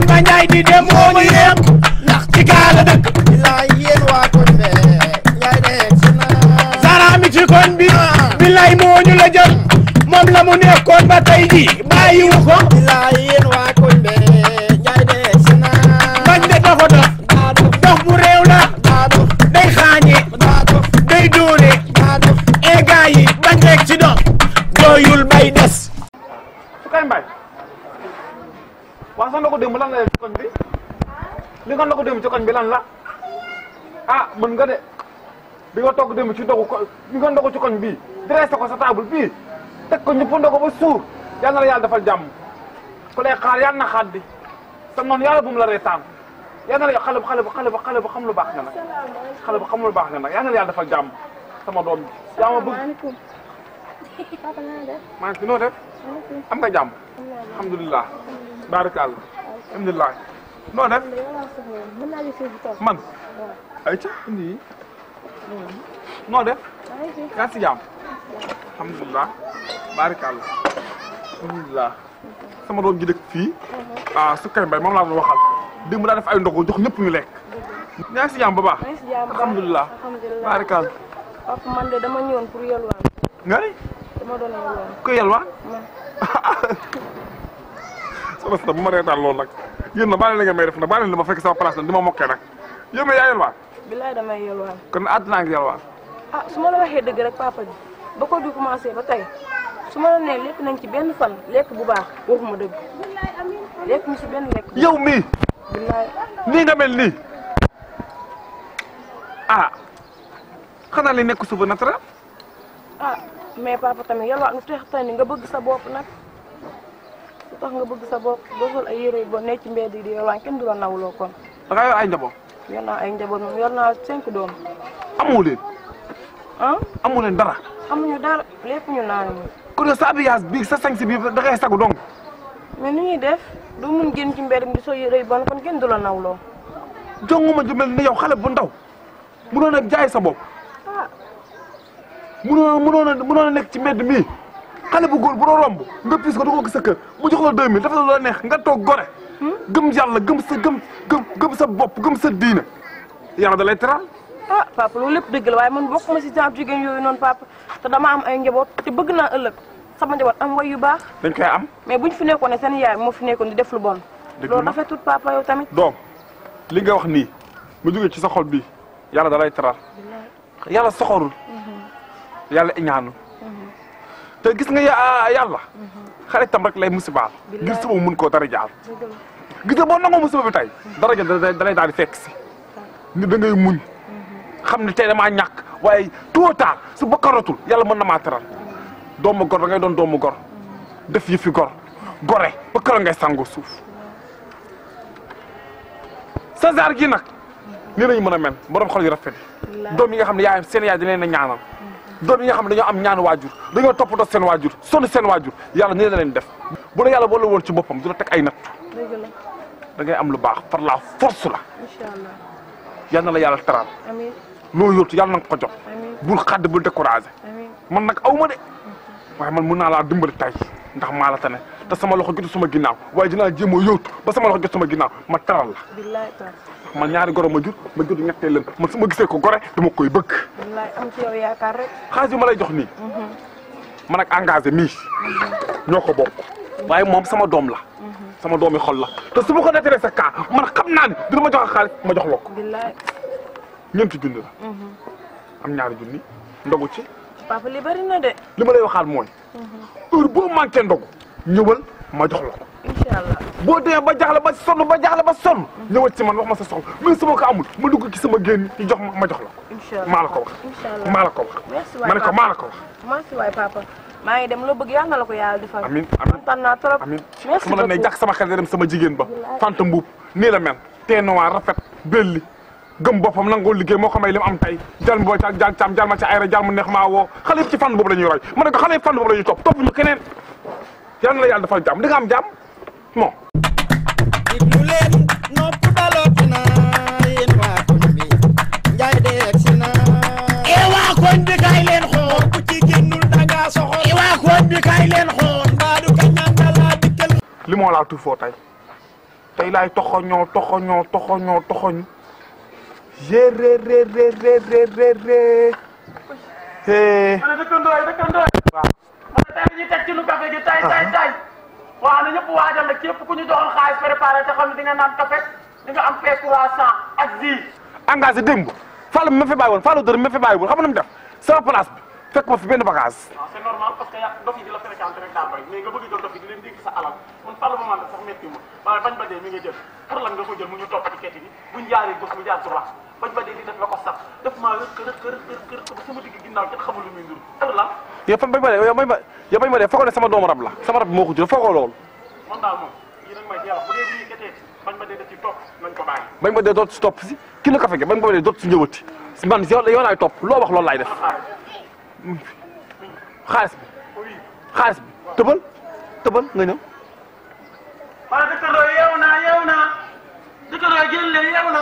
kon ma di dem moo ma yéem ndax ci gaal la ci koñ bi ah. billaay moo ñu la jël moom la mu nekkoon ba tey ji bàyyiwu ko sa ndogu démb lan la ci koñ bi li nga ndogu démb ci koñ bi lan la ah mën nga de bi nga togg démb ci ndogu ko bi nga ndogu ci koñ bii dressé ko sa table bii teg ko ñëpp ndogu ba suur yal la yàlla defal jàmm ku lay xaar yal na xaar sa noonu yàlla bu mu la reetaan yal na la xale bu xale bu xale bu xale bu xam lu baax nga nag xale bu xam lu baax nga nag yal na la yàlla defal jàmm sama doom bi yaa ma bëgg maa def am nga jàmm alhamdulilah baarakaal alhamdulilah noo def man ay ca indi noo def yaa si jaam alhamdulilah baarakaal alhamdulilah sama doom ji dëkk fii ah su kay mbay moom laa doon waxal démb daa def ay ndogu jox ñépp ñu lekk yaa si jaam ba baax alhamdulilah baarakaal papa man yalwaan sama si bu ma reetaan loolu nag yéen na bàyyi la ngeen may def nag bàyyi la ma fekk sama place nag di ma mokkee nag yéen a yaa yelwaan bilaay damay yelwaan kon ah, su ma la waxee dëgg rek papa bi ko bi commencé ba su ma la nee lekk nañ ci benn fan lekk bu baax waxuma dëgg yow mii bilaay nii nga mel ah, nekk suba naturel ah mais papa tamit yelwaan nga teex tey ni nga bëgg sa bopp nag tax nga bëgg sa bopp doo sol ay yére yu bon nekk ci mbedd yi di yalwaan kenn du la nawloo kon. da nga ay njaboot. yor naa ay njaboot moom yor naa cinq doom. amoo leen. ah amoo leen dara. amuñu dara lépp ñu naan. kon sa habillage bi sa sañ si bi da sagu dong. mais ni ñuy def du mun génn ci mbedd mi di sol yére yu bon kon kenn du la nawloo. jonguma ju mel ni yow xale bu ndaw mënoon a jaay sa bopp. ah mënoon a mënoon a nekk ci mbedd mi. xale bu góor bu doon romb nga piis ko dugal ko sa mu jox la 2000 dafa la neex nga toog gore gëm yàlla gëm sa gëm gëm gëm sa bopp gëm sa diina yàlla da lay teral ah papa loolu lépp dëgg la waaye man bokkuma si genre jigéen yooyu noonu papa te dama am ay njaboot te bëgg naa ëllëg sama njaboot am way yu baax dañ koy am mais buñ fi nekkoon ne seen yaay moo fi nekkoon di def lu bon loolu rafetul papa yow tamit doom li nga wax nii mu jógee ci sa xol bii yàlla da lay teral yàlla soxorul mhm. yàlla iñaanul te gis nga ah, yàlla xaritam rek lay musibaal ngir suba mun koo dara jaal gis nga boo nangoo musiba bi tey daraja da lay daal di fekk si ni da ngay muñ xam ne tey damaa ñàkk waaye tôt ou tard su bokkaratul yàlla mën na maa doom doomu gor da ngay doon doomu gor def yëfi gor gore ba kër ngay sàngoo suuf sa zaar gi nag nii lañu mën a mel borom xol yu rafet doom yi nga xam ne yaayam seen yaay dina leen a ñaanal doom yi nga xam ne dañoo am ñaan waajur dañoo toppatoo seen waajur sonn seen waajur yàlla nii la leen def bu la yàlla boole woon ci boppam dina teg ay natt da ngay am lu baax par la force la yal na la yàlla taraal loo yóotu yàlla na nga ko jox bul xàdd bul découragé man nag aw ma de waaye man mën naa laa dimbali tay ndax maala la tane te sama loxo jotu sama ginnaaw waaye dinaa jéem a yóotu ba sama loxo jot sama ginnaaw ma taral la man ñaari goro ma jur ma jur ñetteelam man su ma gisee ko gore ma koy bëgg. wallaay am ci ma lay jox nii. Mhm. ma ak engagé mii mhm. ñoo ko bokk. waaye moom sama doom la. Mhm. sama doom yi xol la te su ma ko nettalee sa kaa man xam naa ne dina ma jox ak ma jox la ko. billaay ñeenti junni la. am ñaari junni ndogu ci. papa li bari na de. li ma lay waxaat mooy. heure boo manqué ndogu ñëwal ma jox la ko. boo demee ba jaaxle ba sonn ba jaaxle ba sonn ñëwal ci man wax ma sa soxla mais su ma ko amul ma dugg ci sama génn ñu jox ma ma jox la ko maa la ko wax maa la ko wax ma ne ko maa la ko wax merci waay papa maa ngi dem loo bëgg yàlla na la ko yàlla defal amiin amiin kontaan naa trop amiin su ma la ne jàkk sama xel dem sama jigéen ba fanta mbuub nii la mel tee noir rafet belli gëm boppam nangoo liggéey moo xamay li mu am tay jal mboo ca jal caam jal ma ca ayra jal mu neex maa woo xale yëpp ci fànn boobu la ñuy roy ma ne ko xale yëpp fànn boobu la ñuy topp topp ñu keneen yàlla na la yàlla defal jàmm di nga am jàmm bon. li moo laa tuufoo tey tey laay toxoñoo toxoñoo toxoñoo toxoñu géréréréréréré waaw waaw na ñëpp waajal nag képp ku ñu doxal xaalis préparé te xam ne di nga naan café di nga am fee 300 ak 10. engagé démb Fallou mi ma fi bàyyi woon Fallou Dore mi ma fi bàyyi woon xam nga mu def sama place fekk ma fi benn bagage. waaw c'est normal nga bëgg a jël leen dégg sa alal kon Fallou ba man sax métti ma waaye bañ ba dee mi nga jël pour lan nga ko jël mu ñu topp ci kett bi buñ jaaree gos mu jaar droit bañ ba dee di def la ko sax def maa rëkk rëkk rëkk rëkk ba sama digg ginnaaw kenn xamul lu muy ndur heure la. yow bañ ba dee yow bañ ba yow bañ ba dee foogoo ne sama doomu rab la sama rab moo ko jur foogoo loolu. man daal moom yéen a ngi may jeex bu dee bii gerte bañ ba dee da ciy topp nañ ko bàyyi. bañ ba dee dootu si topp si kii la ko fekkee bañ ba dee dootu si ñëwati man si yow laay topp loo wax loolu laay def. xaalis bi xaalis bi tëbal tëbal nga ñëw. waaw dëkkandoo yeewu naa yeewu naa dëkkandoo jël leen yeewu naa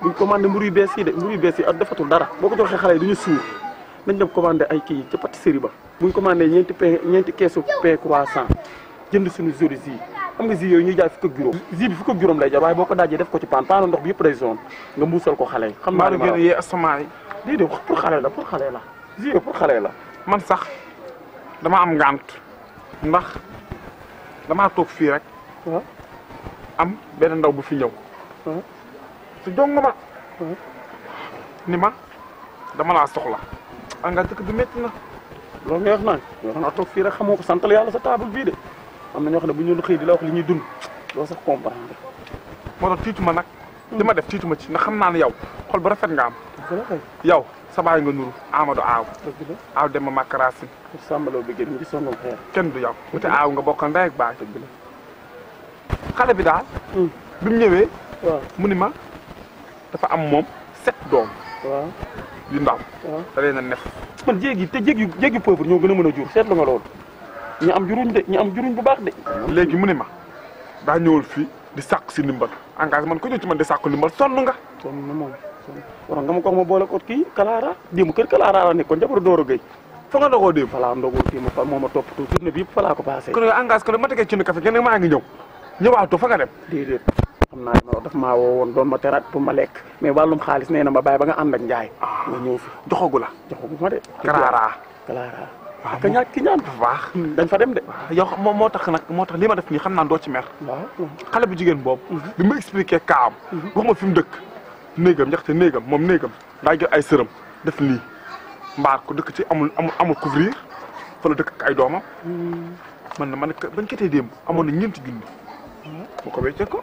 buñ commandé mburu yu bees yi de mburu yu bees yi ak defatul dara boo ko joxee xale yi du ñu suur nañ dem commandé ay kii ca pâtisserie ba buñ commandé ñeenti pain ñeenti keesu pain croissant jënd suñu jori yi xam nga jus yooyu ñuy jaay fukk ak juróom jus bi fukk ak juróom lay jar waaye boo ko daajee def ko ci paan paanu ndox bi yëpp day zone nga mbuusal ko xale yi xam naa gën a yee asamaan yi déedéet pour xale la pour xale la jus yooyu pour xale la man sax dama am ngant ndax damaa toog fii rek am benn ndaw bu fi ñëw jong ma ni ma dama laa soxla engrais dëkk bi métti na loolu ngay wax naan yoo xam naa toog fii rek xamoo ko santal yàlla sa table bii de am na ñoo xam bu ñu xëy di la wax li ñuy dund doo sax comprendre moo tax tiitu ma nag li ma def tiitu ma ci ndax xam naa ne yow xol bu rafet nga am yow sa baay nga nuru Amadou Aaw Aaw dem ma makaraasin sàmbaloo bi gën ngi songom xeer kenn du yow bu te Aaw nga bokkal ndey baay xale bi daal hmm. bi ñëwee mu ni ma dafa am moom set doom. waaw yu ndaw. waaw da leen a neef. man jéeg te jéeg yu jéeg yu pauvre ñoo a mën a jur seetlu nga loolu ñu am juruñ de ñu am juruñ bu baax de. léegi mu ne ma daa ñëwul fii di sàq si ndimbal engagement ko ñëw ci man di na ko ma boole ko kii Kalaara démb kër Kalaara la nekkoon jabaru Doro Gueye. fa nga ndogoo démb. voilà ndogoo nga engagé ko ma tegee ci nu café dem. déedéet. xam naa ne daf maa woon doon ma teraat pour ma lekk mais wàllum xaalis nee na ma bàyyi ba nga ànd ak njaay. nga ah. ñëw fi joxagu la. joxagu ma de. Clara Clara. waaw ka ñaar ki ñaan dafa baax. Hmm, dañ fa dem de. yow moom moo tax nag moo tax li ma def nii xam naa doo ci mer. waaw xale bu jigéen boobu. Hmm. bi ma expliqué kaam. Hmm. wax ma fi mu dëkk. néegam njaxte néegam moom néegam daa jël ay sërëm def nii mbaar ko dëkk ci amul amul amul couvrir fa dëkk ak ay doomam. man na man bañ ko tey démb amoon na ñeenti junni. mu ko wéccee ko.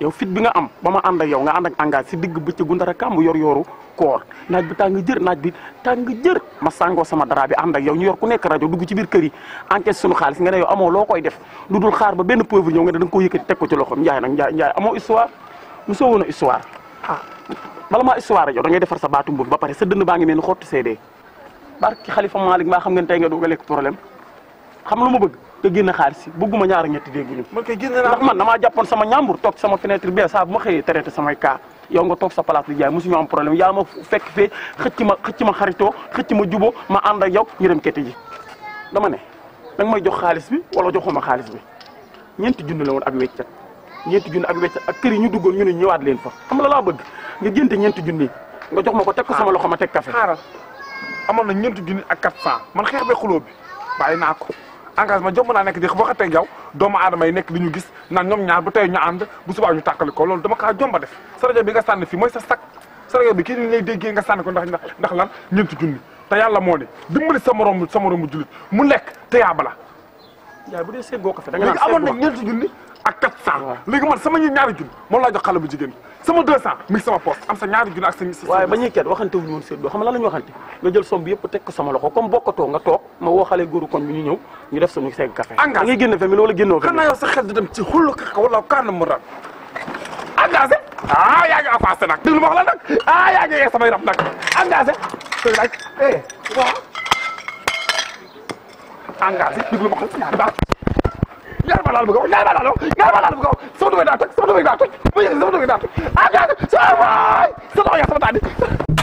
yow fit bi nga am bama and ak yow nga and ak engagé ci digg bëccëg gu ndara yor yoru koor naaj bi tang jeur naaj bi tang jeur ma sango sama dara bi and ak yow ñu yor ku nekk radio dugg ci bir kër yi enquête suñu xaaliss nga ne yow amo loo koy def lu xaar ba benn preuve ñow nga dañ ko yëkkati tek ko ci loxom jaay nak jaay amo histoire mu so wona histoire ha ah. bala ma histoire yow da ngay defar sa baatu mbub ba pare sa dënd baa ngi mel ni barki khalifa malik ma xam ngeen tay nga dugalek problème xam lu mu bëgg te génn xaar ci bëgguma ñaar deggu ñu ma kay dégguñu na man dama jappon sama ñambur tok sama fenêtre bi sa bu ma xëyee traité sama ka yow nga tok sa place di jaay mosuñu am problème ya ma fekk fe xëccima xëccima xarito xëccima jubo ma and ak yow ñu dem kété ji dama né da nga may jox xaaliss bi wala joxuma xaaliss bi ñent jund la won ak wéccat ñent jund ak wéccat ak kër yi ñu duggal ñu ne ñëwaat leen fa xam la la bëgg nga gënte ñent junni nga jox mako tek ko sama loxo ma tek café xaaral amana ñent ñeenti ak 400 man xex be xulo bi bayina ko engagement jom mën naa nekk di waxateeg yow doomu aadama yi nekk li ñu gis naan ñoom ñaar bu tey ñu ànd bu subaa ñu tàkkali ko loolu dama kaa jomba def sa rajo bi nga sànni fii mooy sa sa rajo bi kii ni lay déggee nga sànni ko ndax ndax ñeenti junni te yàlla moo ne dimbali sa morom sa moromu jullit mu lekk te yaa bala léegi amoon na ñeenti junni ak quatre cent léegi man sama ñi ñaari junni moom laa jox xale bu jigéen sama deux cent mi ngi sama poche am sa ñaari junni ak sa waaye ba ñuy kenn waxante wuñu woon séddoo xam nga lan la ñu waxante nga jël somme bi yëpp teg ko sama loxo comme bokkatoo nga toog ma woo xale góoru koñ bi ñu ñëw ñu def suñu segg café engagé ngay génn famille wala génnoo xanaa yow sa xel di dem ci xullu kaka wala kaana mu rat engagé ah yaa ngi avancé nag déglu ma wax la nag ah yaa ngi yee samay rab nag engagé sëñ laaj eh waaw engagé déglu ma wax la ñaari baax ma laal bu kaw ñaari ma laal ñaari ma laal bu kaw sama dugub daa toj sama dugub daa toj ma yëg sama dugub daa toj ah gars sama waay sama tax sama tax